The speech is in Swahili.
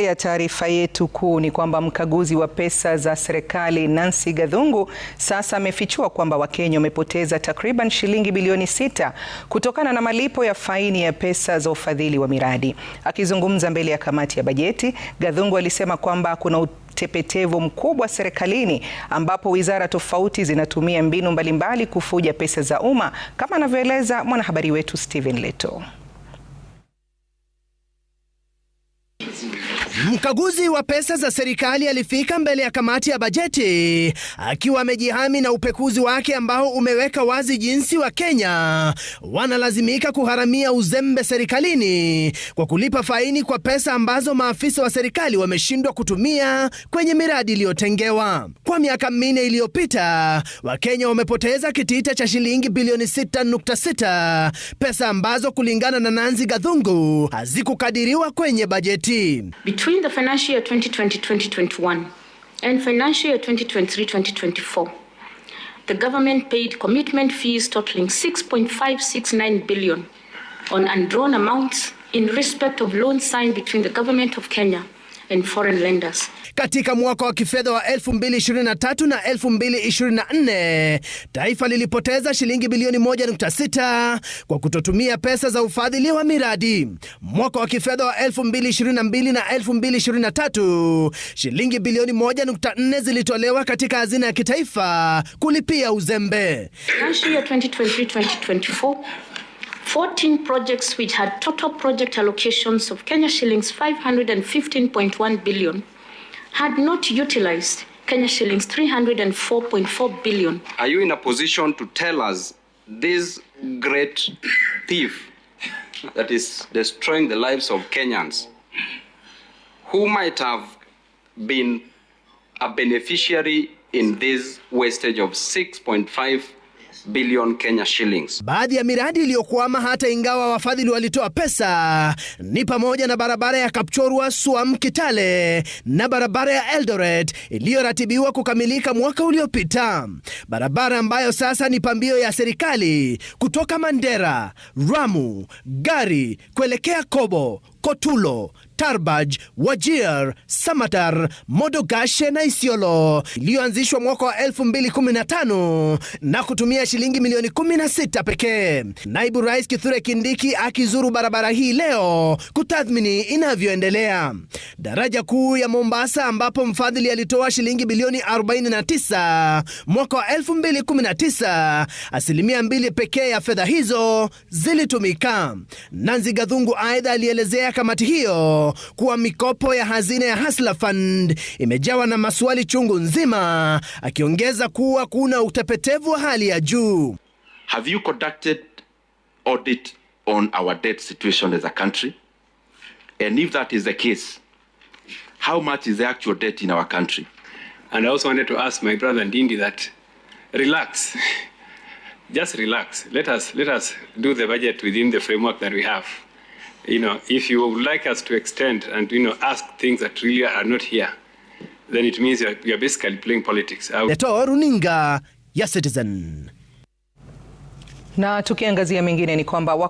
ya taarifa yetu kuu ni kwamba mkaguzi wa pesa za serikali Nancy Gathungu sasa amefichua kwamba Wakenya wamepoteza takriban shilingi bilioni sita kutokana na malipo ya faini ya pesa za ufadhili wa miradi. Akizungumza mbele ya kamati ya bajeti, Gathungu alisema kwamba kuna utepetevu mkubwa serikalini ambapo wizara tofauti zinatumia mbinu mbalimbali kufuja pesa za umma kama anavyoeleza mwanahabari wetu Steven Leto. Mkaguzi wa pesa za serikali alifika mbele ya kamati ya bajeti akiwa amejihami na upekuzi wake ambao umeweka wazi jinsi wa kenya wanalazimika kuharamia uzembe serikalini kwa kulipa faini kwa pesa ambazo maafisa wa serikali wameshindwa kutumia kwenye miradi iliyotengewa. Kwa miaka minne iliyopita, Wakenya wamepoteza kitita cha shilingi bilioni 6.6, pesa ambazo kulingana na nanzi Gathungu hazikukadiriwa kwenye bajeti Between Between the financial year 2020-2021 and financial year 2023-2024, the government paid commitment fees totaling 6.569 billion on undrawn amounts in respect of loans signed between the government of Kenya and foreign lenders. Katika mwaka wa kifedha wa 2023 na 2024, taifa lilipoteza shilingi bilioni 1.6 kwa kutotumia pesa za ufadhili wa miradi. Mwaka wa kifedha wa 2022 na 2023, shilingi bilioni 1.4 zilitolewa katika hazina ya kitaifa kulipia uzembe. 2023-2024 14 projects which had total project allocations of Kenya shillings 515.1 billion had not utilized Kenya shillings 304.4 billion. Are you in a position to tell us this great thief that is destroying the lives of Kenyans who might have been a beneficiary in this wastage of 6.5 billion Kenya shillings. Baadhi ya miradi iliyokwama hata ingawa wafadhili walitoa pesa ni pamoja na barabara ya Kapchorwa Suam Kitale na barabara ya Eldoret iliyoratibiwa kukamilika mwaka uliopita, barabara ambayo sasa ni pambio ya serikali kutoka Mandera, Ramu, Gari kuelekea Kobo, Kotulo Tarbaj, Wajir, Samatar, Modogashe na Isiolo iliyoanzishwa mwaka wa 2015 na kutumia shilingi milioni 16 pekee. Naibu Rais Kithure Kindiki akizuru barabara hii leo kutathmini inavyoendelea. Daraja kuu ya Mombasa ambapo mfadhili alitoa shilingi bilioni 49 mwaka wa 2019, asilimia mbili pekee ya fedha hizo zilitumika. Nanzi Gathungu aidha alielezea kamati hiyo kuwa mikopo ya hazina ya Hasla Fund imejawa na maswali chungu nzima, akiongeza kuwa kuna utepetevu wa hali ya juu. Have you conducted audit on our debt situation as a country? And if that is the case, how much is the actual debt in our country? And I also wanted to ask my brother Ndindi that relax. Just relax. Let us, let us do the budget within the framework that we have you know, if you would like us to extend and, you know, ask things that really are not here, then it means you're, you're basically playing politics. Leto runinga ya Citizen. Na tukiangazia mengine ni kwamba